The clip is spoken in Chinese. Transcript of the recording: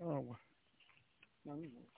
嗯，我能看。